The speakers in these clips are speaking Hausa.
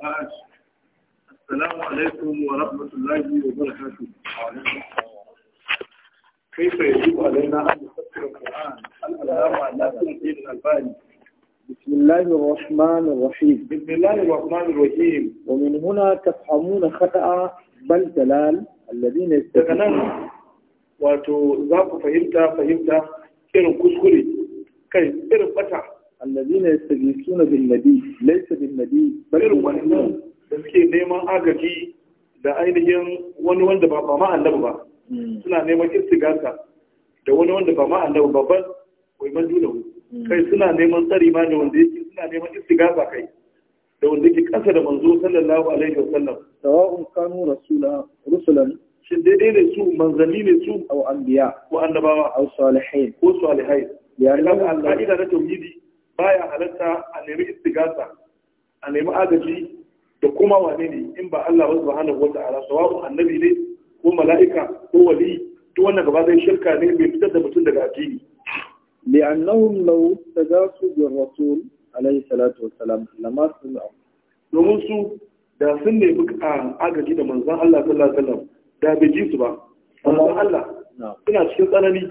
وبعد السلام عليكم ورحمة الله وبركاته كيف يجب علينا أن نفكر القرآن الألام على الدين الألباني بسم الله الرحمن الرحيم بسم الله الرحمن الرحيم ومن هنا تفهمون خطأ بل دلال الذين يستطيعون واتو ذاك فهمت فهمت كيرو كسكري كيرو فتح allazina yastaghithuna bin nabi laysa bin nabi bal irin wannan da suke neman agaji da ainihin wani wanda ba ba ma annabi ba hmm. suna neman istigasa da wani wanda ba ma annabi ba bal wai man hmm. kai suna neman tsari ma da wanda yake suna neman istigasa kai da wanda yake kasa da manzo sallallahu alaihi wa sallam sawa'un kanu rasula rusulan shin dai-dai ne su manzanni ne su aw anbiya ko annabawa aw salihin ko salihai ya Allah ka'ida na tauhidi baya halatta a nemi istigasa a nemi agaji da kuma wane ne in ba Allah ba subhanahu wata'ala sawa'u annabi ne ko mala'ika ko wali duk wannan gaba zai shirka ne mai fitar da mutum daga addini li'annahum law tagasu bi rasul alayhi salatu wassalam lama sunu domin su da sun nemi agaji da manzon Allah sallallahu alaihi wasallam da bai ji su ba manzon Allah suna cikin tsanani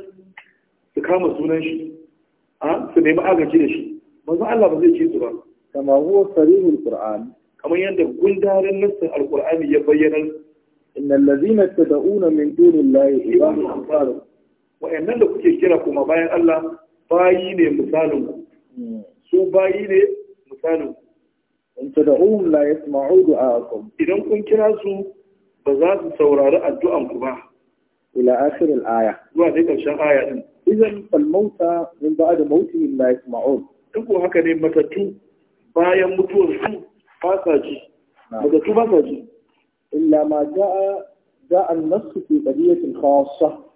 su kama sunan shi su nemi agaji da shi manzo Allah ba zai ce su ba kama huwa sarihul qur'an kamar yadda gundarin nassin alqur'ani ya bayyana innal ladina tad'una min dunillahi ibadun amsalu wa'annan da kuke kira kuma bayan Allah bayi ne misalin ku hmm. su bayi ne misalin ku in tad'uhum la yasma'u du'aakum idan kun kira su ba za su saurari addu'an ku ba ila akhir al-aya zuwa dai karshen aya din idan fal mauta min ba'da mautihim la yasma'un in ko haka ne matattu bayan mutuwar su ba sa ji matattu ba sa ji illa ma ja'a ja'a an-nass fi qadiyatin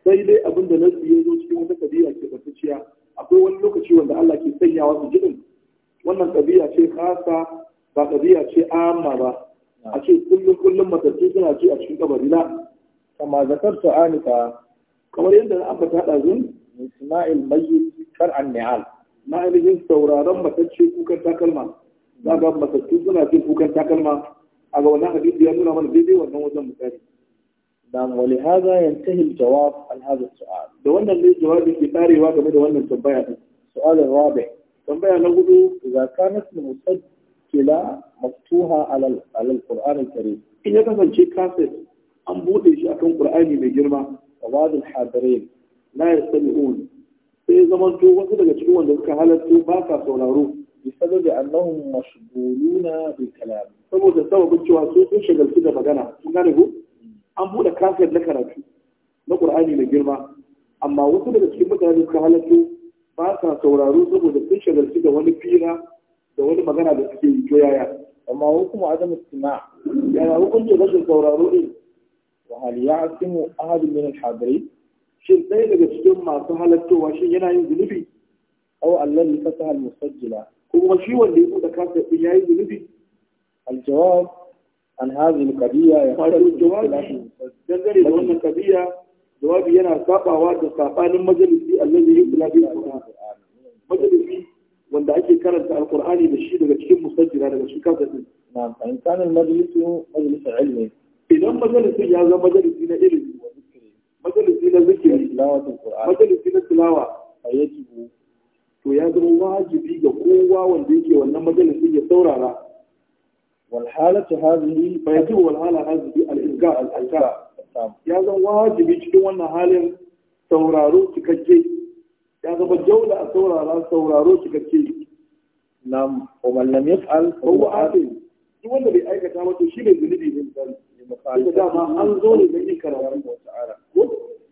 sai dai abin da nasu ya zo cikin wata qadiya ke batacciya akwai wani lokaci wanda Allah ke sanya wasu jinin wannan qadiya ce khassa ba qadiya ce amma ba a ce kullum kullum matattu suna ji a cikin kabari na kama zakarta anika kamar yadda na ambata da zun Ismail Mayyit kar an ni'al na ainihin sauraron matacce kukan takalma za ga matattu suna jin kukan takalma a ga wannan hadisi ya nuna mana daidai wannan wajen misali dan wani hada yantahi aljawab an hada su'al da wannan ne jawabi ke tarewa game da wannan tambaya din su'alin rabi tambaya na hudu idza kanat musaddila maftuha ala al-qur'an al-karim in ya kasance kaset an buɗe shi akan qur'ani mai girma wa ba'd al-hadirin la yastami'un sai ya zama to wasu daga cikin wanda suka halatto ba sa sauraro بسبب أنهم مشغولون بالكلام saboda sababin cewa su sun shagaltu da magana sun gane ku an buɗe kafiyar na karatu na ƙur'ani mai girma amma wasu daga cikin mutane suka halatto ba sa sauraro saboda sun shagaltu da wani fira da wani magana da suke yi to yaya amma hukumu adam istima yana hukunci rashin sauraro din wa hal ya'simu ahadun min al-hadirin shin ɗaya daga cikin masu halattowa shin yana yin zunubi aw Allah ne fasa al musajjila ko kuma shi wanda ya buɗe kasa din yayi zunubi al jawab an hadhihi al qadiya ya faru jawabi dangane da wannan qadiya jawabi yana sabawa da sabanin majalisi allazi yukla bi al majalisi wanda ake karanta alqur'ani da shi daga cikin musajjila daga shi kasa din na'am fa in kana al majlisu ilmi idan majalisin ya zama majalisi na ilimi majalisi na zikiri majalisi na tilawa a yaki to ya zama wajibi ga kowa wanda yake wannan majalisi ya saurara والحالة هذه فيجب والحالة هذه الإلقاء الإلقاء يا زن واجب يجي وانا حال سورارو تكجي يا زن بجولة سورارا سورارو تكجي نعم ومن لم يفعل هو عادل duk wanda bai aikata wato shi ne zunubi ne misali da dama an zo ne don yin karatu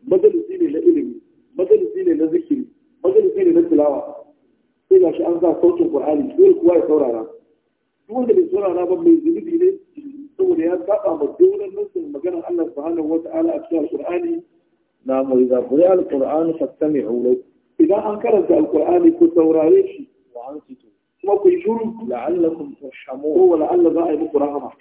majalisi ne na ilimi majalisi ne na zikiri majalisi ne na tilawa sai ga shi an sa sautin qur'ani dole kuwa ya saurara duk wanda bai saurara ba mai zunubi ne saboda ya saba ma doron nasin maganar Allah subhanahu wata'ala a cikin alqur'ani na mai zakuri alqur'ani fastami'u lahu idan an karanta alqur'ani ku saurare shi wa an kuma ku yi shuru la'allakum turhamun ko la'alla za a yi muku rahama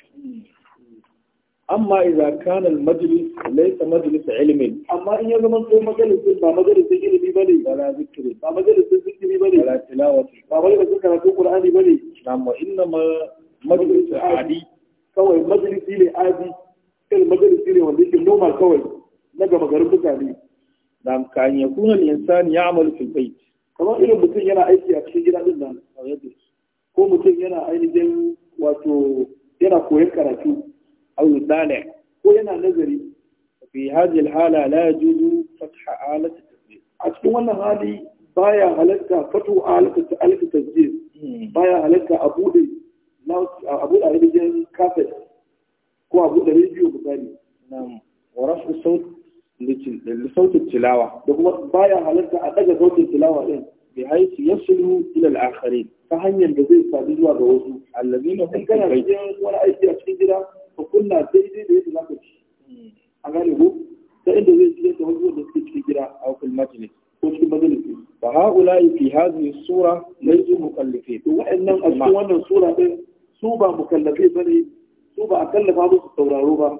amma idza kana al-majlis laysa majlis ilmi amma in ya zama ko majalisin ba majalisin ilmi bane la zikri ba majalisin zikri bane wala tilawati ba majalisin karatun qur'ani bane amma inna ma majlis adi kawai majalisi ne adi kai majalisi ne wanda yake normal kawai na gama garin mutane da kan ya kuna insan ya amalu fil bait kamar irin mutum yana aiki a cikin gida din nan ko mutum yana ainihin wato yana koyon karatu aw yudali ko yana nazari fi hadhihi alhala la yajuzu fatha alat tasjil a cikin wannan hali baya halatta fatu alat alif tasjil baya halatta a bude a bude a rijiyar kafet ko a bude rediyo misali wa rafu sautin tilawa da kuma baya halatta a daga sautin tilawa din bi haisu yasilu ila al ta hanyar da zai sadu zuwa ga wasu allazina hum kana cikin wani aiki a cikin gida ka kunna daidai da yadda zaka ci a gane ko ta inda zai ci da wasu da suke cikin gida a wakil majalis ko cikin majalisi sura wannan sura su ba mukallafai su ba a musu sauraro ba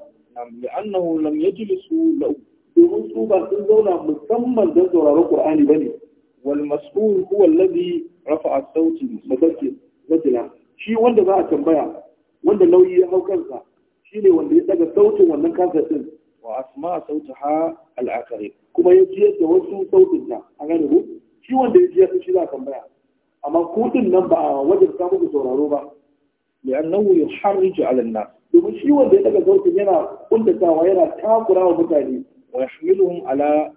لأنه لم يجلسوا لو domin su ba sun zauna musamman don sauraron Qur'ani bane wal mas'ul huwa alladhi rafa'a sauti mubajjila shi wanda za a tambaya wanda nauyi ya hau kansa shine wanda ya daga sautin wannan kansa din wa asma sautaha al-akari kuma ya ji da wasu sautin a gane ku shi wanda ya ji ya shi za a tambaya amma kudin nan ba a wajen samu ku sauraro ba li'annahu yuharriju 'ala an-nas domin shi wanda ya daga sautin yana kuntatawa yana takura wa mutane wa yahmiluhum ala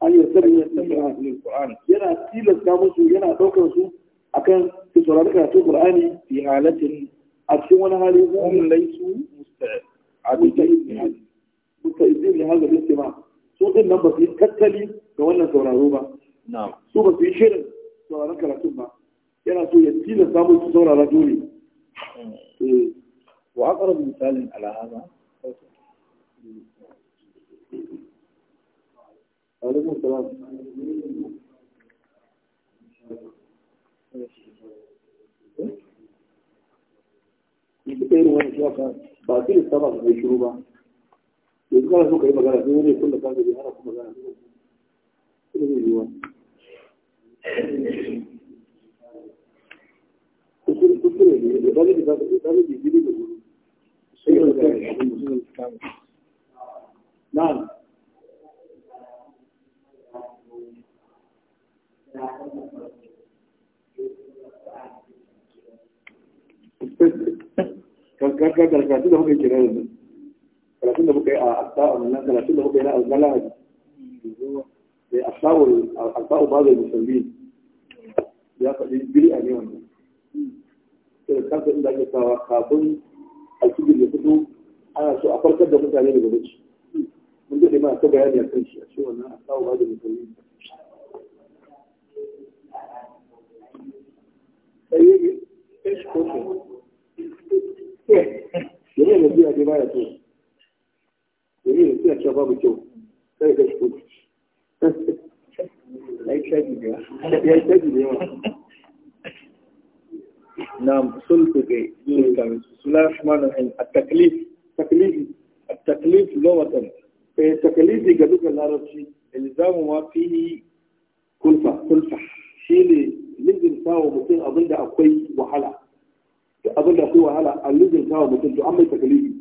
an yi da yin Qur'an yana tilasta musu yana ɗaukar su a kan su saurari karatun Qur'ani fi halatin a cikin wani hali hum laysu musta'idin musta'idin li hadha al ma su ɗin nan ba su yi tattali ga wannan sauraro ba su ba su yi shirin sauraron karatun ba yana so ya tilasta musu saurara dole eh. wa aqrab misalin ala وعليكم السلام ba ba ka yi magana karatu da muka kira yanzu karatu da a asa'ul nan karatu da muka yi na almalaji da asa'ul asa'ul ya faɗi biri a ne wannan sai da kansa inda ake sawa kafin alfijir ya fito ana so a farkar da mutane daga bacci mun daɗe ma ta bayani a kan shi a ce wannan asa'ul ba zai musulmi yana nasiya dai baya so yana nasiya cewa babu kyau sai ga shi kotu ya yi shaji da yawa نعم سلطك بسم الله الرحمن الرحيم التكليف تكليف التكليف لغة تكليف قدوك العربي إلزام ما فيه كلفة كلفة شيء lizinta wa mutum abin da akwai wahala da abin da akwai wahala a lizinta wa mutum to an mai takalifi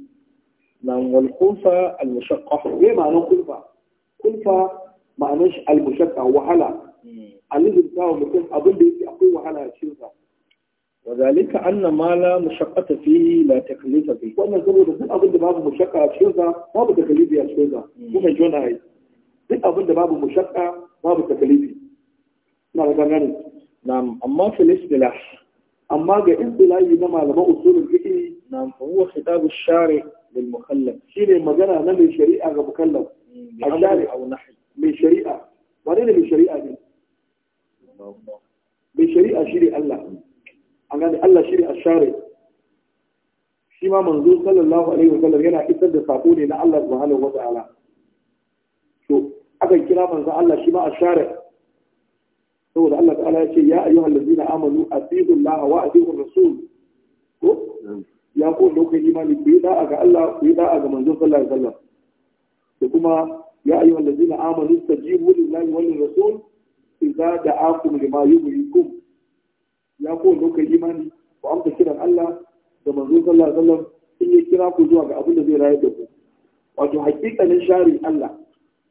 nan wal kulfa al mushaqqa me ma'anar kulfa kulfa ma'anar shi al mushaqqa wahala a lizinta wa mutum abin da yake akwai wahala a cikin sa وذلك أن ما لا مشقة فيه لا تكليف فيه وأنا أقول لك أبن باب مشقة أشيوزا ما بتكليف يا أشيوزا هم جون هاي duk abin da babu mushakka babu takalifi na da gangane na'am amma fil amma ga istilahi na malaman usulul fiqh na'am fa huwa khitabu shari' lil mukallaf shine magana na mai shari'a ga mukallaf mm, ashari aw nahi shari'a wane ne mai shari'a ne mai shari'a shine Allah an gane Allah shine ashari shi ma manzo sallallahu alaihi wa sallam yana isar da sako na Allah subhanahu wa ta'ala to kira manzo Allah saboda Allah ta'ala ya ce ya ayyuhal ladzina amanu atiiu Allah wa atiiu rasul ko ya ko lokacin imani ku yi da'a ga Allah ku yi da'a ga manzon sallallahu alaihi wasallam da kuma ya ayyuhal ladzina amanu istajibu lillahi wal rasul idza da'akum lima yuhyikum ya ko lokacin imani ku amsa kiran Allah da manzon sallallahu alaihi wasallam in ya kira ku zuwa ga abin da zai rayar da ku wato hakikanin shari'a Allah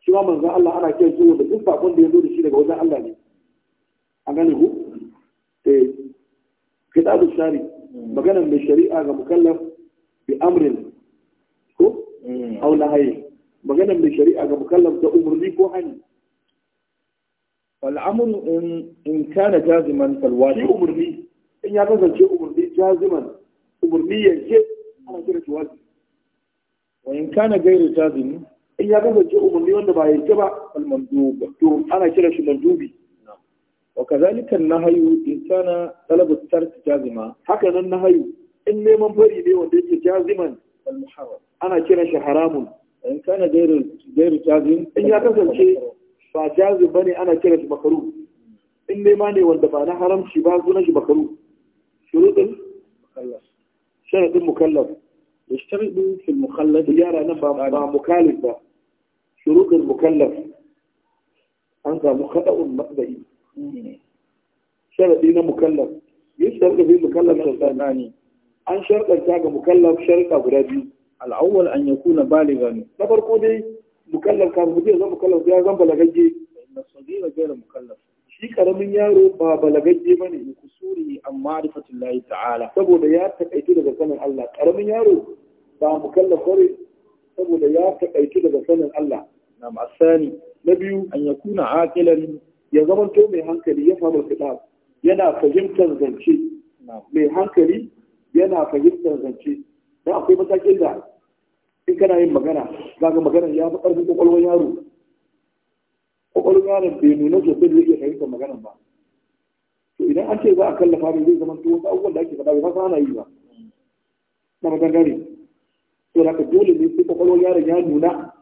shi ma manzon Allah ana kiran shi da duk sakon da ya zo da shi daga wajen Allah ne aganihu eh, kitabu shari hmm. maganan mai shari'a ga mukallaf bi amrin ko hmm. aw nahayi maganan mai shari'a ga mukallaf da umurni ko hani wal amr in in kana jaziman fal in ya kasance umurni jaziman umurni yake ana kira shi in kana gairu jazim in ya kasance umurni wanda ba yake ba to ana kira shi mandubi وكذلك النهي إن كان طلب الترك جازما هكذا النهي إن من لي وديك جازما المحرم أنا كنا شحرام حرام إن كان غير غير جازم إن يكسر شيء فجازم بني أنا كنا شي إن ما ني وند حرام شي با شروط المكلف شرط المكلف يشترط في المخلف يرى أنا با مكلف شروط المكلف أنت مخطئ مبدئي sharadi na mukallaf yin sharadi bil mukallaf ne. an sharadanta ga mukallaf sharada guda biyu an yaku na bali gani na farko dai mukallaf kan mutum ya zama mukallaf ya zama balagagge na na gaira mukallaf shi karamin yaro ba balagagge ba ne kusuri an layi ta'ala saboda ya takaitu daga sanin Allah karamin yaro ba mukallaf bane saboda ya takaitu daga sanin Allah na asani na biyu an yakuna aqilan ya to mai hankali ya fahimta kitab yana fahimtar zance mai hankali yana fahimtar zance don akwai matakin da in kana yin magana zaga magana ya fi ƙarfin ƙwaƙwalwar yaro ƙwaƙwalwar yaron bai nuna sosai da zai iya fahimtar magana ba to idan an ce za a kallafa ne zai to wasu abubuwan da ake faɗa ba sa ana yi ba na magangare to da ka dole ne sai ƙwaƙwalwar yaron ya nuna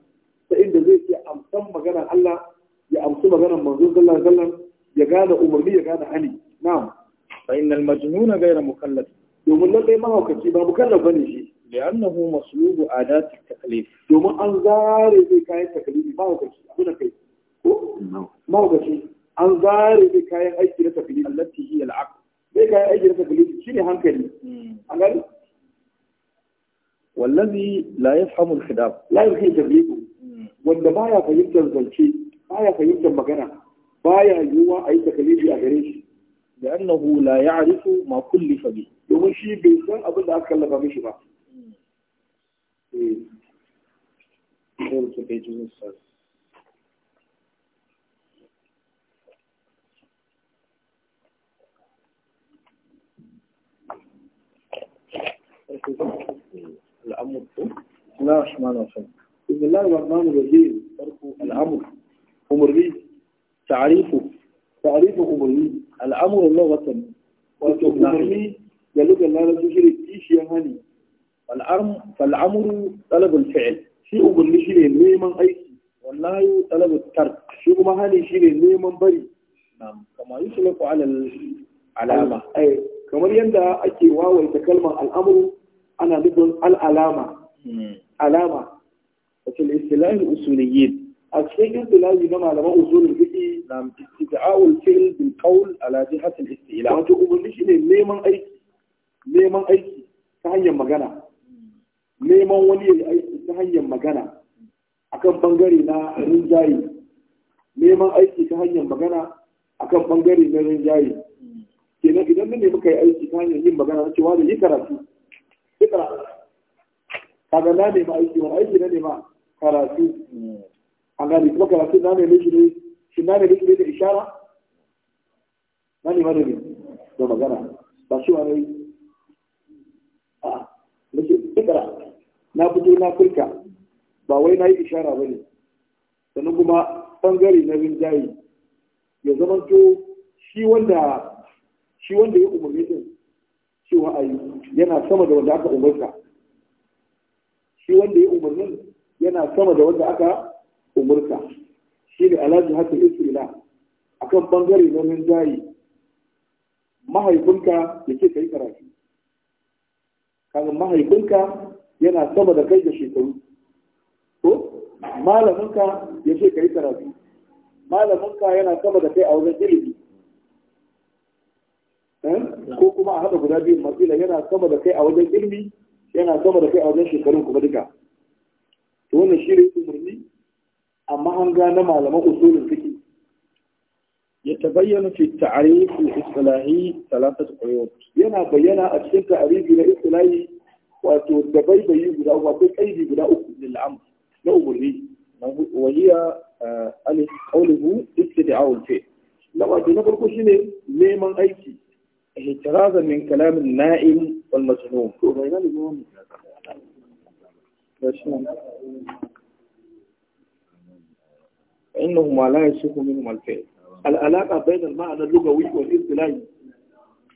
ta inda zai ce amsan maganar Allah ya amsu maganar manzo sallallahu alaihi wasallam ya gane umarni ya gane hali na'am fa innal majnuna ghayra mukallaf domin lallai mahaukaci ba mukallaf bane shi li'annahu maslubu adat at-taklif domin an zare zai kayan taklifi mahaukaci abuna kai ko mahaukaci an zare zai kayan aiki na taklifi allati hiya al-aql zai kayan aiki na taklifi shine hankali hmm. an gani والذي لا يفهم الخلاف لا يفهم تكليفه wanda baya fahimtar zance baya fahimtar magana baya yiwuwa a yi takalifi a gare shi da annahu la ya'rifu ma kulli fabi domin shi bai san abin da aka kallaba mishi ba الأمر بسم الله الرحمن الرحيم بسم الله الرحمن الرحيم الأمر umarni ta'arifu ta'arifu umarni al'amuran lawatan wato umarni da lugar lalata shi kishiyar hani fal'amuru talabar fi'il shi umarni shi neman aiki wallahi talabar tark shi kuma hani shi neman bari kama yi shulaku alal alama eh, kamar yadda ake wawaita kalmar al'amuru ana nufin al'alama hmm. alama a cikin istilahi na malaman usulul fiqh na istida'ul fi'l bil qawl ala jihati al istila wato umarni shine neman aiki neman aiki ta hanyar magana neman wani yayi aiki ta hanyar magana akan bangare na rinjaye neman aiki ta hanyar magana akan bangare na rinjaye kenan idan na nemi kai aiki ta hanyar yin magana na cewa da yi karatu ikra kaga na nemi aiki wani aiki na nema karatu an gane kuma karatun na ne ne shi ne shi ishara na ne mana ne da magana ba shi wani a nake ikra na fito na furka ba wai na yi ishara ba ne sannan kuma bangare na rinjaye ya zamanto shi wanda ya umarni din cewa a yana sama da wanda aka umarta shi wanda ya umarnin yana sama da wanda aka umurka shi ne alhaji haka a kan bangare na rinjaye mahaifinka ya ce ka yi karatu kan mahaifinka yana sama da kai da shekaru ko malaminka ya ce ka yi karatu malaminka yana sama da kai a wajen ilimi eh? ko kuma a haɗa guda biyu matsila yana sama da kai a wajen ilimi yana sama da kai a wajen shekarun kuma duka wannan shi ne amma an gane malaman usulin fiki ya tabayyana fi ta'arifu islahi talatat qiyut yana bayyana a cikin ta'arifi na islahi wato da baibayi guda uku wato kaidi guda uku da amr na umurni wa hiya eh, alif qawluhu da al fi na wato na farko shine neman aiki ihtiraza min kalam al na'im wal majnun فإنهما لا يسوق منهم الفعل العلاقة بين المعنى اللغوي والإصطلاحي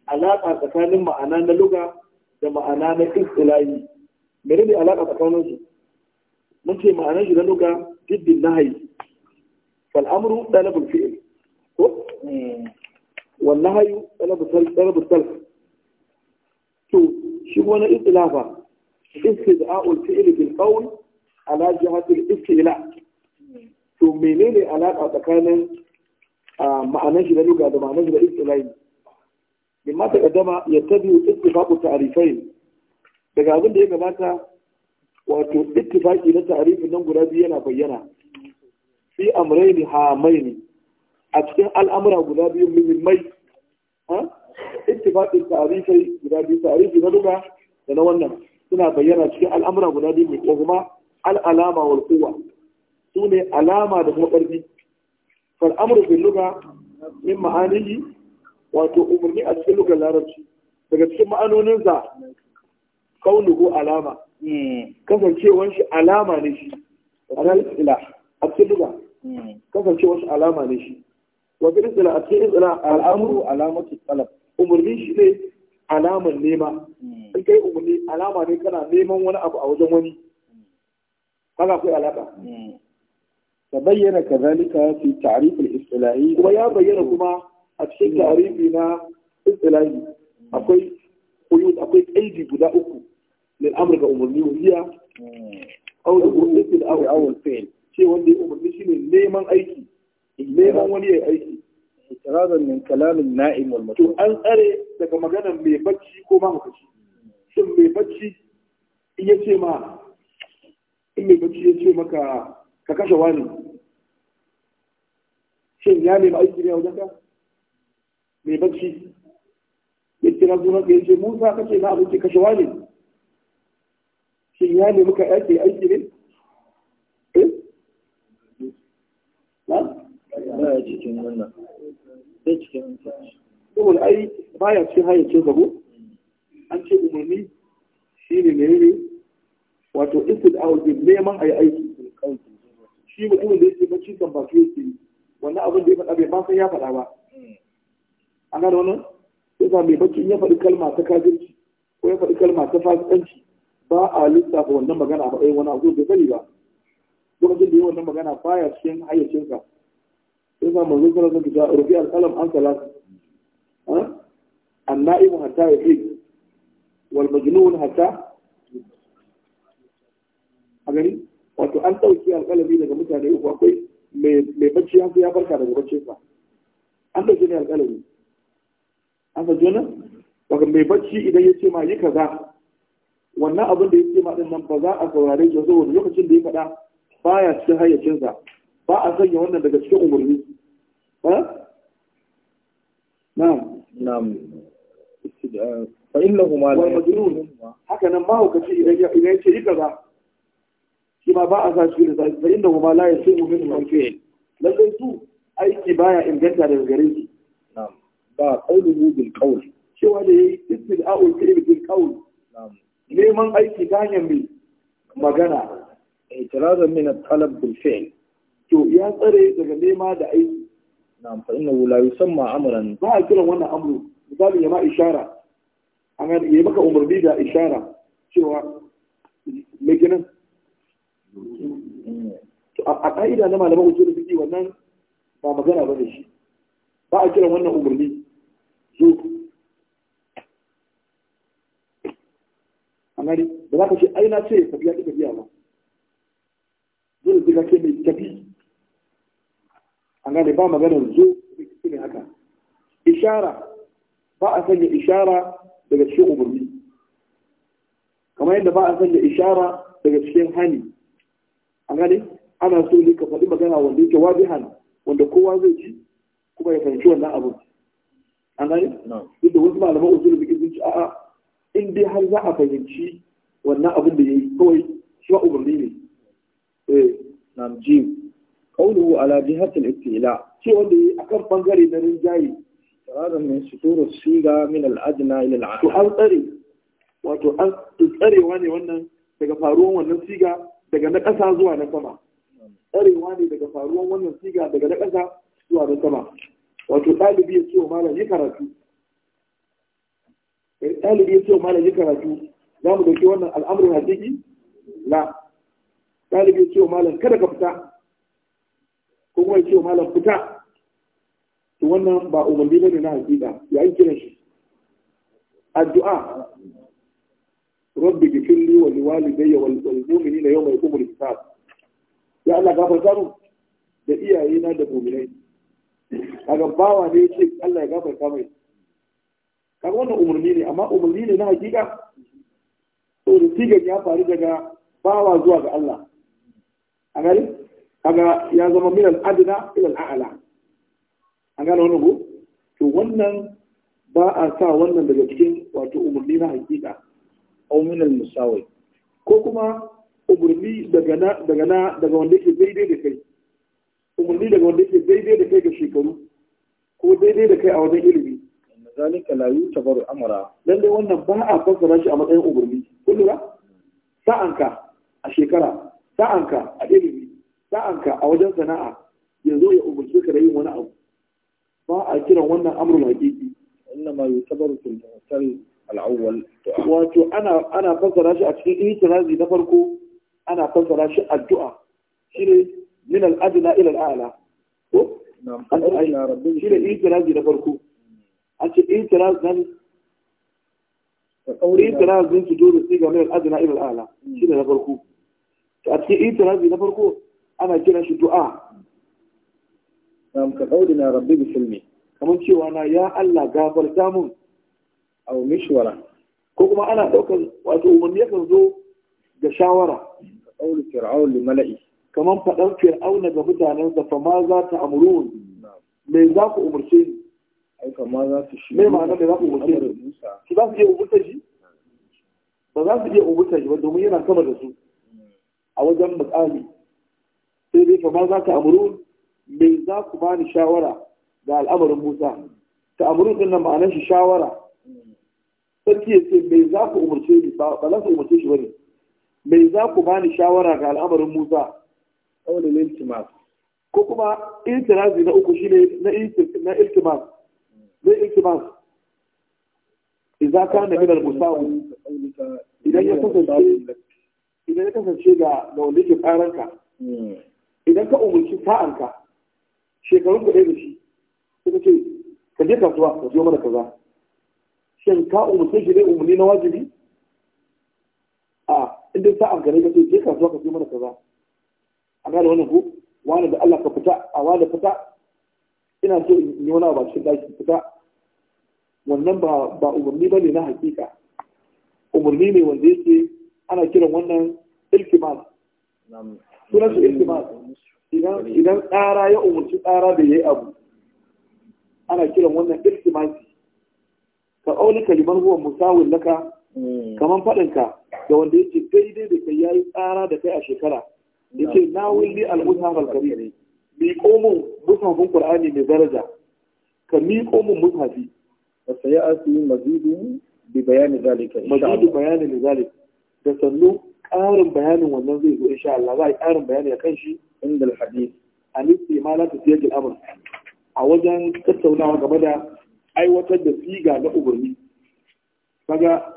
علاقة تكون معنى اللغة ومعنى الإصطلاحي من هذه العلاقة تكون في معنى اللغة جد النهي فالأمر طلب الفعل والنهي طلب طلب السلف تو شو أنا الاختلاف استدعاء الفعل بالقول على جهة الاستئلاء to menene alaƙa tsakanin ma'anar shi da luga da ma'anar shi da istilahi ma ta kaddama ya tabi ittifaqu ta'rifai daga abin da ya gabata wato ittifaqi na ta'arifin nan guda biyu yana bayyana fi amrayni hamaini a cikin al'amura guda biyu muhimmai ha ittifaqi ta'arifai guda biyu ta'arifi na luga da na wannan suna bayyana cikin al'amura guda biyu mai kuma al'alama wal quwwa su ne alama da kuma ƙarfi fal'amuru bin luga min ma'anihi wato umarni a cikin lugar larabci daga cikin ma'anoninsa kaunuhu alama hmm. kasancewar shi alama ne shi ranar ila a cikin luga hmm. kasancewar shi alama ne shi wajen isla a cikin isla al'amuru alamatu talab umarni shi ne alamar nema hmm. in kai umarni alama ne kana neman wani abu a wajen wani haka akwai alaka تبين كذلك في التعريف الاصطلاحي ويا بين كما في تعريفنا الاصطلاحي أقول قيود أقول أيدي بدا اكو للامر كأمرني وهي او الأمرني او اول الفعل شيء ودي أمرني شيء من نيمان ايكي نيمان ولي ايكي اعتراضا من كلام النائم والمتوقع ان اري tsare daga maganar mai bacci ko mahaukaci shin mai bacci in ya ce ma in mai bacci ya maka ka kashe wani shin ya nemi aiki ne a wajen ka mai bacci ya kira sunan ka yace musa kace na abinci kashe wani shin ya nemi ka aiki aiki ne eh Ba ya cikin wannan sai cikin saboda ai baya cikin hayyacin sabo. an ce umarni shi ne ne wato istid out neman a yi aiki shi mutumin da yake bacci kan ba su yi wannan abin da ya faɗa bai ba san ya faɗa ba an gano wannan yasa mai bacci ya faɗi kalma ta kafirci ko ya faɗi kalma ta fasikanci ba a lissafa wannan magana a matsayin wani abu bai sani ba lokacin da yi wannan magana baya cikin hayyacinsa sai sa manzon sallallahu alaihi wasallam rufi alƙalam an salat an-na'im ya yafiq wal majnun hatta a gani wato an ɗauki alƙalami daga mutane uku akwai mai bacci ya ya barka daga baccinsa an ɗauki ne alƙalami an san jona daga mai bacci idan ya ce ma yi kaza wannan abin da ya ce ma ɗin nan ba za a saurare shi wani lokacin da ya faɗa baya cikin hayyacinsa ba a sanya wannan daga cikin umarni na'am na'am fa innahu ma la haka nan ma hukaci idan ya ce yi kaza kima ba a sa shi da sa inda kuma la sai mu min alfi'il lallai su aiki baya inganta daga gare su ba kaunin bil kawul cewa da yayi istida'ul kalim bil qawl kawul neman aiki ta hanyar mai magana itirazan min at-talab bil to ya tsare daga nema da aiki na'am amfani innahu la yusamma amran ba a kiran wannan amru misali ya ma ishara an yi maka umarni da ishara cewa me ginin to a ƙa'ida na malaman da suke wannan ba magana ba da shi ba a kiran wannan umarni zo a gani da za ka ce ai na ce tafiya ki tafiya ba zo da ka ce mai tafi a gani ba magana zo ne haka ishara ba a sanya ishara daga cikin umarni kamar yadda ba a sanya ishara daga cikin hani an gane ana so ne ka faɗi magana wanda yake wajihan wanda kowa zai ci kuma ya fahimci wannan abu an gane duk da wasu malaman usul da sun ci a'a in dai har za a fahimci wannan abin da yayi kawai shi ma umarni ne eh nam ji qawluhu ala jihati al-ibtila ce wanda yayi akan bangare na rinjaye tsarin min suturu siga min al-adna ila al-a'la to an tsare wato an tsarewa ne wannan daga faruwan wannan siga daga na ƙasa zuwa na sama tsarewa ne daga faruwan wannan siga daga na ƙasa zuwa na sama wato ɗalibi ya ciwo wa malam yi karatu eh, ɗalibi ya ciwo wa malam yi karatu za mu dauki wannan al'amuran hadiki la ɗalibi ya ciwo wa malam kada ka fita ko kuma ya ciwo wa malam fita to wannan ba umarni ne na hakika yi kiran shi addu'a rabbi gifirli wa liwalidayya wal mu'minina yawma yaqumul hisab ya Allah gafarta mu da iyayena da mu'minai kaga bawa ne yake Allah ya gafarta mai kaga wannan umarni ne amma umarni ne na hakika to natijar ya faru daga bawa zuwa ga Allah a gani kaga ya zama min al-adna ila al-a'la an gane wannan ko to wannan ba a sa wannan daga cikin wato umarni na hakika aw min al musawai ko kuma umurni daga na daga na daga wanda yake daidai da kai umurni daga wanda yake daidai da kai ga shekaru ko daidai da kai a wajen ilimi zalika la yutabaru amara lalle wannan ba a fassara shi a matsayin umurni kullum lura sa'anka a shekara sa'anka a ilimi sa'anka a wajen sana'a yanzu ya umurce ka da yin wani abu ba a kiran wannan amrul haqiqi inna ma yutabaru fil al'awwal wato ana ana fassara shi a cikin itirazi na farko ana fassara shi addu'a ne min al ila ala ko an na farko an ce nan su dole ga min na farko a cikin itirazi na farko ana shi kamar cewa na ya Allah gafarta mun aw mishwara ko kuma ana daukar wato umarni yakan zo da shawara qawlu fir'aun li mala'i kaman fadan fir'aun ga mutanen da fa ma za ta amuru me za ku umarce ni ai fa ma za su shi me ma'ana me za ku umarce ni shi za su iya umarta shi ba za su iya umarta shi ba domin yana sama da su a wajen misali sai dai fa ma za ta amuru me za ku bani shawara ga al'amarin Musa ta amuru din nan ma'anar shi shawara sarki ya ce mai za ku umarce ni ba za ku umarce shi ne. mai za ku bani shawara ga al'amarin Musa aure iltimas ko kuma iltirazi na uku shine na na iltimas ne iltimas izaka ka na minar al idan ya kasance idan ya kasance ga ga wanda yake hmm. idan ka umarci sa'anka shekarun ku ɗaya da shi suka ka ce ka je kasuwa ka siyo mana kaza shin ka umarce shi ne na wajibi a inda sa an gare ka sai je kasuwa ka sai mana kaza a gane wani ku wani da Allah ka fita a wani fita ina so in yi wani abu cikin daki fita wannan ba ba umarni ba ne na hakika umarni ne wanda yake ana kiran wannan ilkimas sunan su ilkimas idan tsara ya umarci tsara da ya yi abu ana kiran wannan ilkimasi fa qaulika liman huwa musawil laka hmm. kaman fadin ka da wanda yake daidai da kai yayi tsara da kai a shekara hmm. yace na wulli al-mushaf al bi mi qomu mushafin qur'ani mai daraja ka mi qomu mushafi fa sayasi mazidun bi bayani zalika mazidu bayani zalika da sannu ƙarin bayanin wannan zai zo insha Allah za a yi ƙarin bayani akan shi inda al-hadith an istimalatu siyajil amr a wajen tattaunawa game da aiwatar da siga na ubanni kaga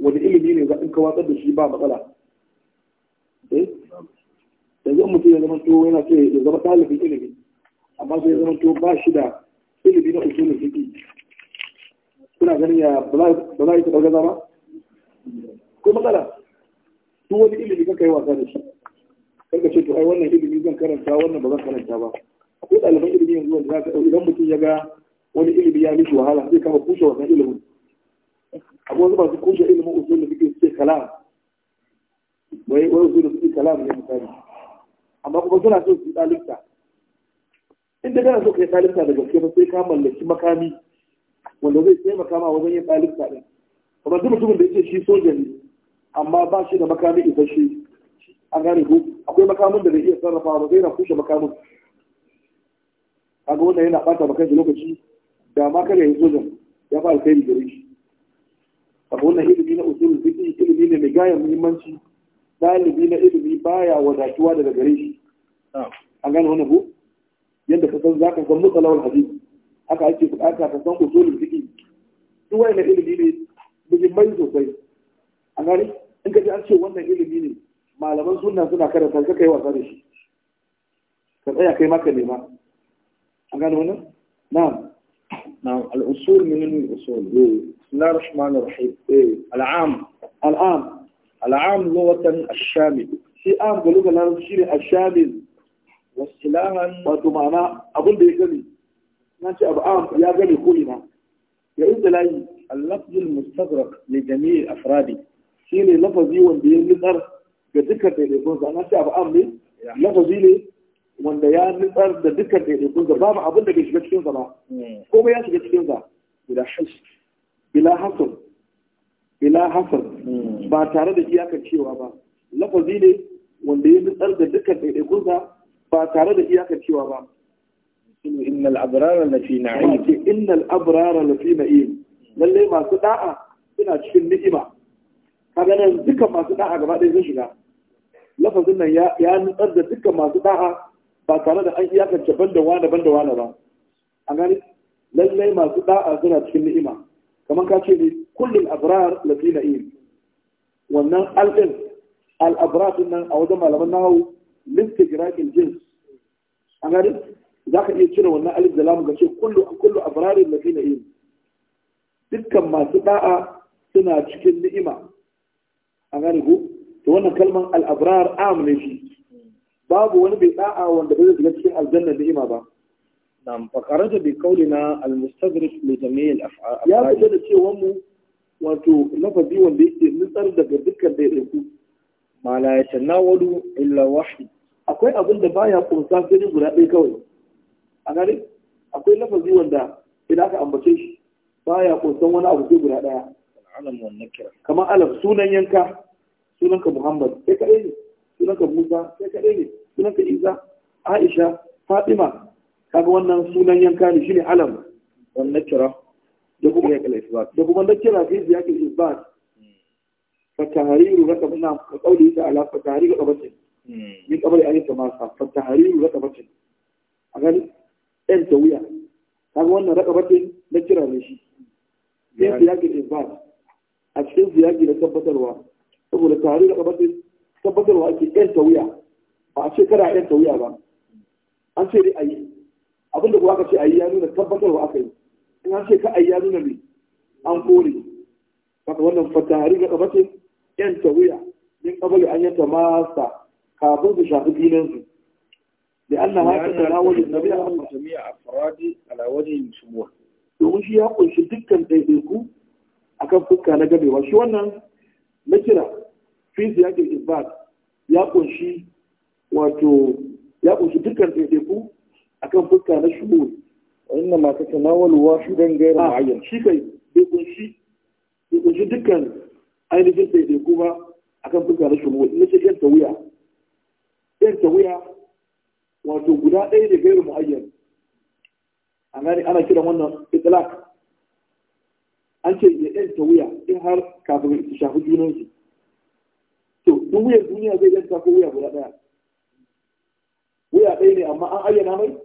wani ilimi ne za in ka watsar da shi ba matsala eh? yanzu mutum ya zama to yana ce ya zama talibin ilimi amma sai ya zama to ba shi da ilimi na usulun fiki kuna ganin ya ba za a yi taɓa gaza ba ko matsala To wani ilimi kanka yi wasa da shi kanka ce to ai wannan ilimi zan karanta wannan ba zan karanta ba akwai ɗaliban ilimi yanzu wanda za ka idan mutum ya ga wani ilimi ya mishi wahala zai kama kushe wannan ilimin akwai wasu masu kushe ilimin usul da suke suke kalam wai wani usul da suke kalam ne misali amma kuma suna so su yi ɗalibta inda kana so ka yi ɗalibta da gaske sai ka mallaki makami wanda zai taimaka ma wajen yin ɗalibta ɗin kuma duk mutumin da yake shi soja ne amma ba shi da makami shi. an gane ko akwai makamin da zai iya sarrafa ba zai na kushe makamin kaga wannan yana ɓata maka lokaci da ma kada ya sojan ya ba alkhairi gare shi abu wannan ilimi na usulul fiqh ilimi ne mai gaya muhimmanci dalibi na ilimi baya wadatuwa daga gare shi an gane wannan ko yadda ka san zaka san mutalawal hadith haka ake buƙata ka san usulul fiqh duk wannan ilimi ne muhimmai sosai an gane in ka ji an ce wannan ilimi ne malaman sunna suna karanta ka kai wasa da shi ka tsaya kai maka nema an gane wannan na'am نعم الأصول من الأصول بسم الله الرحمن الرحيم إيه. العام العام العام لغة الشامل في عام بلغة الشيء الشامل واصطلاحا وتماما أظن بيقلي نانتي أبو عام يا قلي كلنا يعود لي نعم. اللفظ المستغرق لجميع أفرادي في لفظي وانبيه للأرض ga dukkan ɗaiɗaikun sa na ce abu لفظي لي wanda ya nutsar da dukkan ɗaiɗaikun da babu abin da bai shiga cikinsa ba hmm. ko ya shiga cikinsa bila hash bila hasar bila hasar hmm. ba tare da iyakar cewa ba lafazi ne wanda ya nutsar da dukkan ɗaiɗaikunsa ba tare da iyakar cewa ba إن الأبرار لفي نعيم إن الأبرار لفي نعيم للي masu da'a suna cikin ni'ima kaga nan dukkan masu da'a gaba ɗaya sun shiga lafazin nan ya nutsar da dukkan masu da'a ba tare da an iyakance ban da wane ban da wane ba A gani lallai masu da'a suna cikin ni'ima kamar ka ce ne kullum abrar lafi na'im wannan al'in al'abrar din nan a wajen malaman nahawu lifta girakin jins A gani za ka iya cire wannan alif da lamu ka ce kullu abrarin lafi na'im dukkan masu da'a suna cikin ni'ima A gani ku to wannan kalmar al'abrar am ne shi babu wani bai da'a wanda bai zai cikin aljanna da ima ba nam fa kharaja bi qawlina al mustadrik li jami' al af'al ya fi da cewa mu wato lafazi wanda yake nutsar daga dukkan da daidaiku ma la yatanawalu illa wahid akwai abin da baya kunsa sai guda ɗaya kawai a gare akwai lafazi wanda idan aka ambace shi baya kunsan wani abu sai guda ɗaya kamar alaf sunan yanka sunanka muhammad sai kaɗai ne sunanka musa sai kaɗai ne ka isa aisha fatima kaga wannan sunan yanka ne shine alam wannan kira da kuma ya kala isbat da kuma da kira fi ya kala isbat fa tahriru rakabna ka kauli ta ala fa tahriru rakabatin hmm. min ta ma sa fa tahriru bace a gani ɗan tawiya kaga wannan bace na kira ne shi sai fi ya kala isbat a cikin ziyagi na tabbatarwa saboda tahriru bace tabbatarwa ake ɗan tawiya ba a ce kada a yanka wuya ba an ce dai a yi abinda kuwa ka ce a yi ya nuna tabbatarwa aka yi in an ce ka a yi ya nuna ne an kore kaka wannan fatahari ga kabace yan wuya min kabali an yanta masa kafin su shafi dinansu da an na haka tana wajen jami'a a faradi ala wajen shumuwa domin shi ya kunshi dukkan ɗaiɗaiku akan fuska na gabewa shi wannan na kira ya ke ibad ya kunshi wato ya kunshi dukkan ɗaiɗaiku akan fuska na shigo. wa inna ma ta shi don gaira gairu ah, ma'ayyan shi kai bai kunshi bai kunshi dukkan ainihin ɗaiɗaiku ba akan fuska na shigo. ina ce yan wuya yan wuya wato guda ɗaya da gairu ma'ayyan a gani ana kiran wannan itilak an ce ya yan wuya in har kafin su shafi junansu to duk wuyar duniya zai yanta ko wuya guda ɗaya wuya ɗaya ne amma an ayyana mai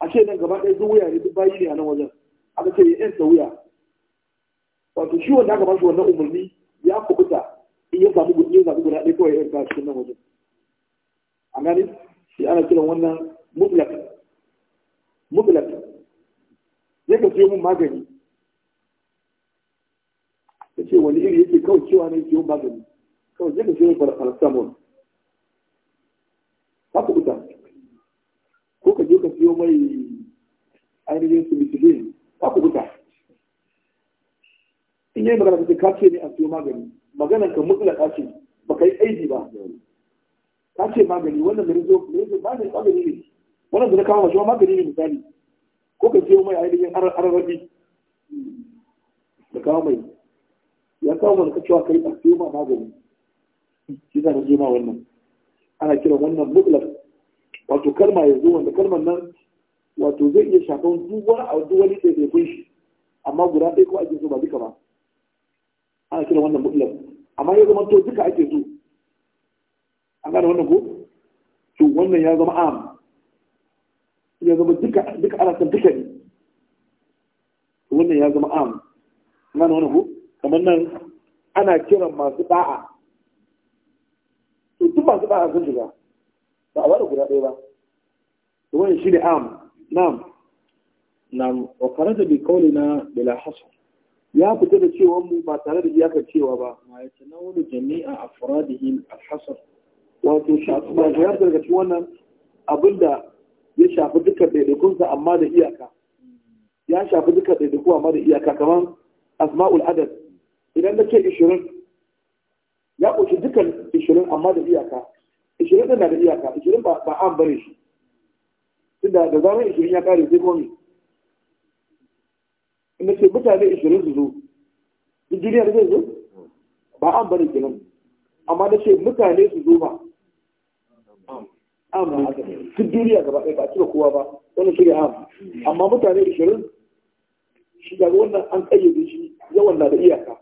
a ce nan gaba ɗaya duk wuya ne duk bayi ne a nan wajen aka ce ya yanta wuya wato shi wanda aka bashi wannan umarni ya kubuta in ya samu gudu zaɓi guda ɗaya kawai yin yanta cikin nan wajen a gani shi ana kiran wannan mutlak mutlak ka siyo mun magani ya ce wani iri yake kawai cewa ne siyo magani kawai ka siyo mun paracetamol ka in yai magana kace ka ce ne a siyo magani maganan ka mutlaka ce ba ka yi aiki ba ka ce magani wannan da rizo magani magani ne wannan da na kama shi magani ne misali ko ka siyo mai ainihin ararabi? da kawo mai ya kawo mana ka cewa kai a siyo magani shi za ka ma wannan ana kira wannan mutlak wato kalma ya zo wanda kalmar nan wato zai iya shafan duwa a duk wani kun shi amma guda ɗaya ko ake so ba duka ba ana kira wannan mutlaq amma ya zama to duka ake so an gane wannan ko to wannan ya zama am ya zama duka duka ana san duka ne wannan ya zama am an gane wannan ko kamar nan ana kiran masu da'a to duk masu da'a sun shiga ba a bada guda ɗaya ba wannan shi ne am nam nam wa faraja bi qawlina bila hasu ya fita da cewa mu ba tare da iyakar cewa ba ma ya da jami'a afradihi al-hasr wato shafi ba ya daga cikin wannan abinda ya shafi duka daidaikunsa amma da iyaka ya shafi duka daidaiku amma da iyaka kamar asma'ul adad idan na ce 20 ya ƙunshi dukan 20 amma da iyaka ishirin ɗin na da iyaka ishirin ba an bane shi tun da da zarar ishirin ya kare sai komi inda ce mutane ishirin su zo duk duniya zai zo ba an bane kenan amma na ce mutane su zo ba amma duk duniya gaba ɗaya ba a cika kowa ba wannan shirya an am amma mutane ishirin shi daga wannan an kayyade shi yawan na da iyaka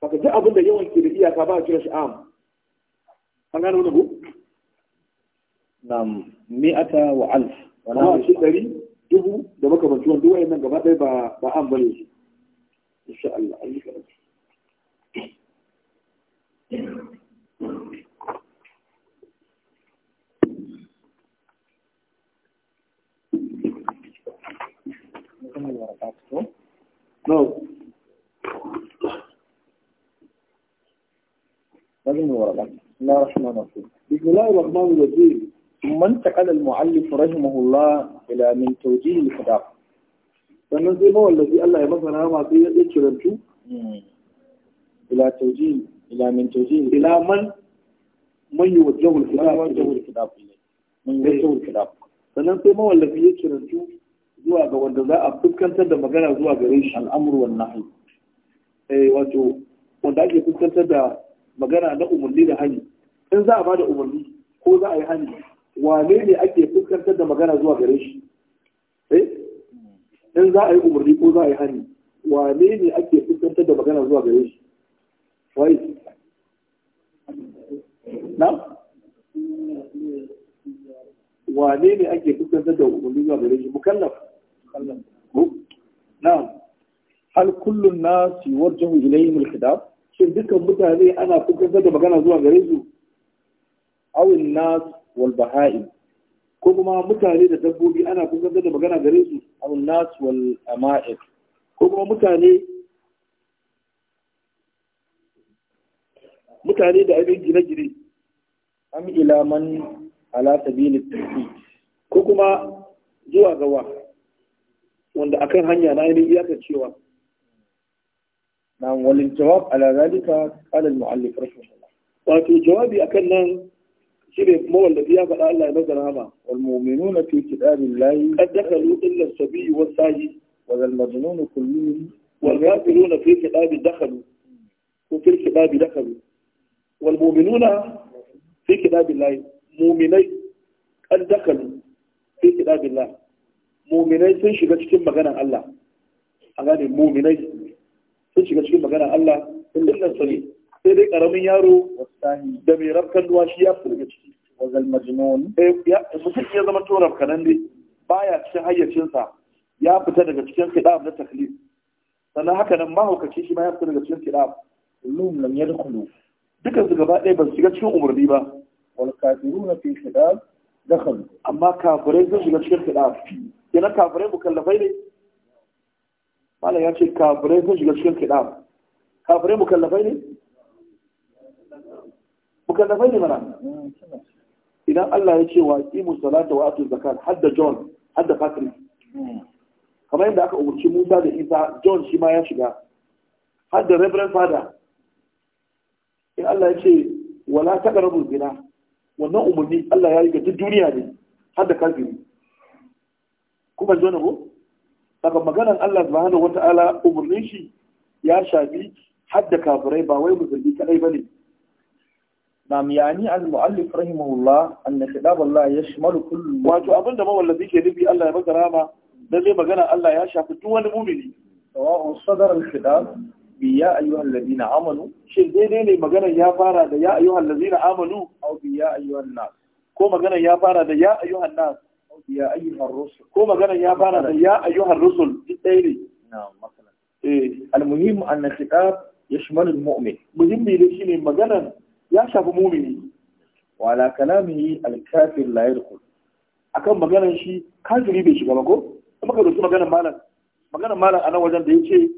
baka ji abin da yawan ke da iyaka ba a cire shi am an gane wani ku? nam mi'ata wa alf kuma shi ɗari dubu da makamanci wanda wayan nan gaba ɗaya ba ba an bane shi insha Allah an yi karatu No. Doesn't work. na الله الرحمن الرحيم بسم الله الرحمن الرحيم ثم انتقل المؤلف رحمه الله إلى من توجيه الخداع sannan sai mawallafi Allah ya masa rama sai ya cirantu ila tauji ila min tauji ila man man yuwajjahu al-kitab man yuwajjahu al-kitab sannan sai mawallafi ya cirantu zuwa ga wanda za a fuskantar da magana zuwa gare shi Al'amur wan nahi eh wato wanda ake fuskantar da magana na umarni da hani in za a ba da umarni ko za a yi hani wane ne ake fuskantar da magana zuwa gare shi eh in za a yi umarni ko za a yi hani wane ne ake fuskantar da magana zuwa gare shi wai na wane ne ake fuskantar da umarni zuwa gare shi mukallaf na hal kullun nasi yuwajjahu ilayhi al-khidab shin dukkan mutane ana fuskantar da magana zuwa gare su awin nas wal Baha'i. ko kuma mutane da dabbobi ana kungantar da magana gare su awin nas wal ama'ir ko kuma mutane mutane da abin gine-gine am ila man ala sabilit ko kuma zuwa gawa wanda akan hanya na ainihin iyakar cewa na walin jawab ala zalika qala al-mu'allif rahimahullah wato jawabi akan nan shi ne mawallafi ya faɗa Allah ya masa rahama wal mu'minuna fi kitabillahi qad dakhalu illa as-sabiy wa sahi wa al majnun kulluhum wal kafiruna fi kitabi dakhalu ko fi kitabi dakhalu wal mu'minuna fi kitabillahi mu'minai qad dakhalu fi kitabillahi mu'minai sun shiga cikin maganar Allah a gane mu'minai sun shiga cikin maganar Allah illa as-sabiy sai dai karamin yaro da mai rafkan duwa shi ya fi daga ciki wazal majnun eh, mutum ya zama to rafkanan ne baya cikin hayyacinsa ya fita daga cikin kidab na taklif sannan haka nan mahaukaci shi ma ya fita daga cikin kidab kullum lam yadkhulu dukan su gaba ɗaya ba su shiga cikin umarni ba wal na fi kidab kan. amma kafirai sun shiga cikin kidab kenan kafirai mukallafai ne malam ya ce kafirai sun shiga cikin kidab kafirai mukallafai ne mukallafai ne mana idan Allah ya ce wa qimu salata wa atu zakat hadda John hadda Patrick kamar yadda aka umarci Musa da Isa John shi ma ya shiga hadda Reverend Father in Allah ya ce wala taqrabu zina wannan umarni Allah ya yi ga duk duniya ne hadda kafiri kuma jona ko daga maganar Allah subhanahu wata'ala umarnin shi ya shafi hadda kafirai ba wai musulmi kadai ba ne. nam yani al-mu'allif rahimahullah anna kitab Allah yashmalu kull wato abinda mawallafi ke nufi Allah ya baka rama dan zai magana Allah ya shafi duk wani mumini sawa'un sadar al-kitab bi ya ayyuhal ladina amanu shin daidai ne magana ya fara da ya ayyuhal ladina amanu aw bi ya ayyuhan nas ko magana ya fara da ya ayyuhan nas aw bi ya ayyuhar rusul ko magana ya fara da ya ayyuhar rusul dai ne na'am masalan eh shine maganar ya shafi mumini wala kalamihi alkafir la yadkhul akan maganar shi kafiri bai shiga ba ko muka dauki maganar malam maganar malam a nan wajen da yace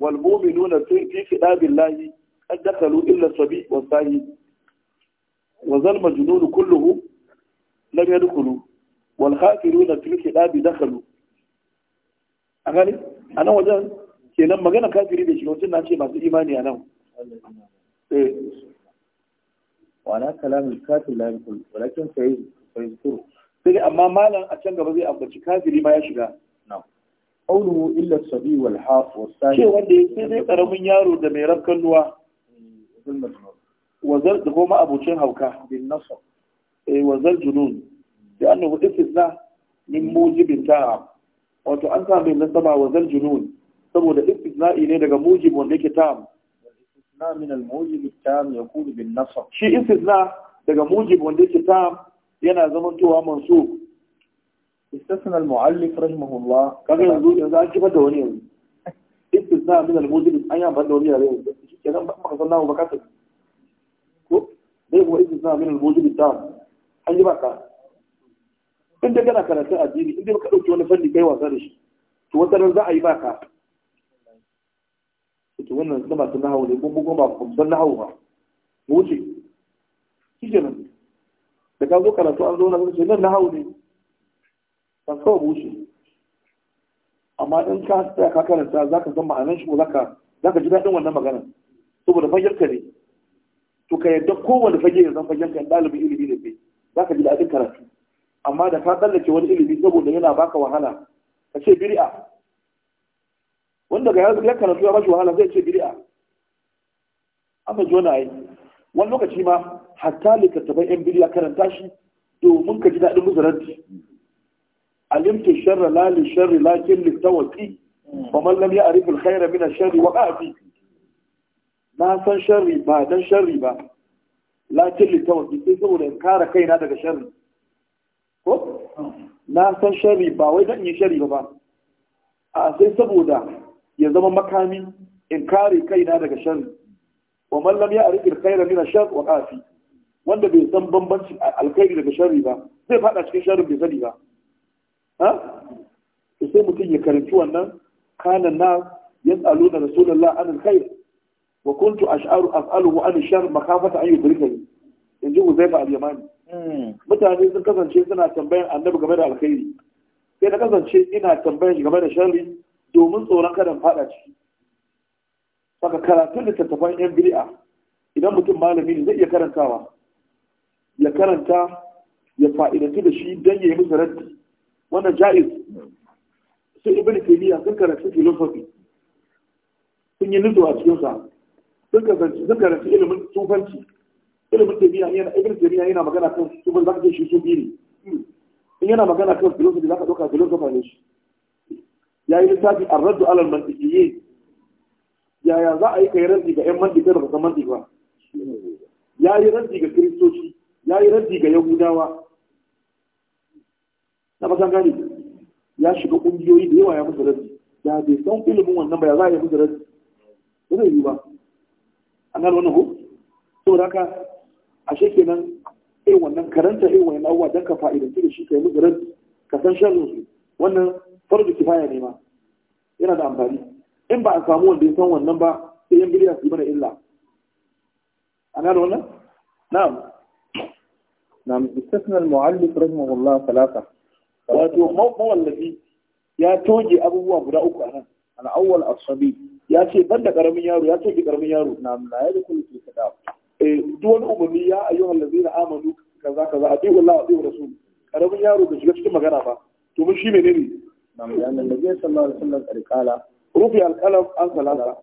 wal mu'minuna fi fi kitabillahi qad dakalu illa sabi wa sahi wa zal majnun kulluhu lam yadkhulu wal khafiruna fi kitabi dakalu a gani a nan wajen kenan maganar kafiri bai shiga wajen na ce masu imani a nan eh. ma'ana kalamin kafin la yadkhul walakin sai sai amma malam a can gaba zai ambaci kafiri ma ya shiga na'am qawluhu illa sabi wal haf was sani ce wanda sai dai karamin yaro da mai rafkan ruwa wazar da goma abucin hauka bin nasab eh wazar junun da annahu istisna min mujibin ta'am wato an sa mai nasaba wazar junun saboda istisna'i ne daga mujibin wanda yake ta. na min al-mujib tam yakunu bin nasab shi istisna daga mujib wanda yake tam yana zamantowa mansub istisna al-muallif rahimahullah kaga yanzu yanzu an kifa da wani yanzu istisna min al-mujib an yi amfani da wani yare yanzu shi ba ka san nawa ba ka tafi ko dai kuma istisna min al-mujib tam an yi baka karatun ka wani fanni kai wasa da shi to za a yi baka to wannan na masu nahawu ne kuma kuma ba san nahawu ba wuce shi nan da ka zo karatu an zo na zai ce nan nahawu ne ba kawai mu wuce amma in ka tsaya ka karanta za ka a nan shi ko za ka ji daɗin wannan magana. saboda fagen ka ne to ka yadda kowane fage ya zan fagen ka ɗalibin ilimi ne bai za ka ji daɗin karatu amma da ka tsallake wani ilimi saboda yana baka wahala ka ce biri'a wanda ga ya karatu ya bashi wahala zai ce bid'a amma jona yi wani lokaci ma hatta littattafai yan bid'a karanta shi domin ka ji daɗin muzaranti alimtu sharra la li sharri lakin li tawqi fa man lam ya'rif al khayra min ash-sharri waqa fi na san sharri ba dan sharri ba lakin li tawqi sai saboda in kare kaina daga sharri ko na san sharri ba wai dan yi sharri ba ba a sai saboda ya zama makami in kare kaina daga sharri wa mallam ya ya'rif kaira mina shan wa kafi wanda bai san bambanci alkhairi daga sharri ba zai fada cikin sharri bai sani ba ha to sai mutum ya karanci wannan kana na da rasulullah an alkhair wa kuntu ash'aru af'aluhu an ash-sharr makhafata an yudrikani inji Uzaifa al-Yamani hmm. mutane sun kasance suna tambayan annabi game da alkhairi sai na kasance ina tambayan shi game da sharri domin tsoron kadan fada ciki saka karatun littattafan yan bid'a idan mutum malami ne zai iya karantawa ya karanta ya fa'idantu da shi don ya yi musu raddi wannan ja'iz sai ibn taymiya sun karanta philosophy sun yi nutsuwa a cikin sa sun kasance sun karanta ilimin tufanci ilimin taymiya yana ibn taymiya yana magana kan tufan zaka ce shi sufi ne in yana magana kan philosophy zaka dauka philosopher ne shi ya yi lissafi a raddu alal ya yaya za a yi kai raddi ga 'yan mantiƙa da kusan mantiƙa ba ya yi raddi ga kiristoci ya yi raddi ga yahudawa na fasan gani ya shiga ƙungiyoyi da yawa ya musu raddi da bai san ilimin wannan ba ya za a yi musu raddi ba zai yi ba an gano wannan ko saboda haka ashe kenan irin wannan karanta irin wannan abubuwa don ka fa'idanci da shi ka yi musu raddi ka san sharrin wannan farko kifaya ne ma yana da amfani in ba a samu wanda ya san wannan ba sai yan biliya su mana illa ana da wannan na'am na'am istisna al-mu'allif rahimahullah salasa wato mawallafi ya toje abubuwa guda uku a nan al-awwal as-sabi ya ce ban da karamin yaro ya ki karamin yaro na'am la kullu fi kitab eh duk wani umarni ya ayyuhal ladzina amanu kaza kaza a bi'u Allah wa bi'u rasul karamin yaro bai shiga cikin magana ba to mun shi menene لأن النبي صلى الله عليه وسلم قد قال رفع القلم عن ثلاثة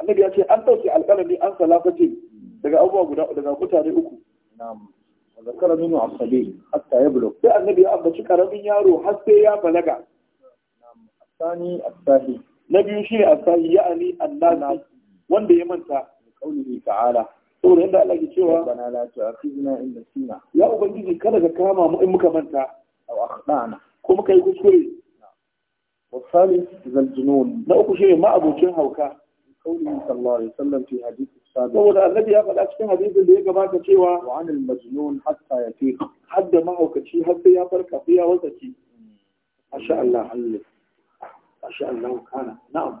النبي يأتي أن توسع القلم عن ثلاثة daga abubuwa guda daga mutane uku na'am zakara minu asabi hatta sai annabi ya ambaci karamin yaro har sai ya balaga na'am asani asahi na biyu shine asahi ya'ani annasi wanda ya manta qaulihi ta'ala saboda yadda Allah ke cewa bana la tu'akhizna in nasina ya ubangiji kada ka kama mu in muka manta aw akhdana ko muka yi kuskure والثالث ذا الجنون لا أكو شيء ما أبو جهة وكا قوله صلى الله عليه وسلم في حديث السابق هو الذي أقل أشكي حديث اللي يقبع كتشيوا وعن المجنون حتى يفيق حد ما هو كتشي حتى يفرق فيها وزكي ما شاء الله حلف ما شاء الله كان نعم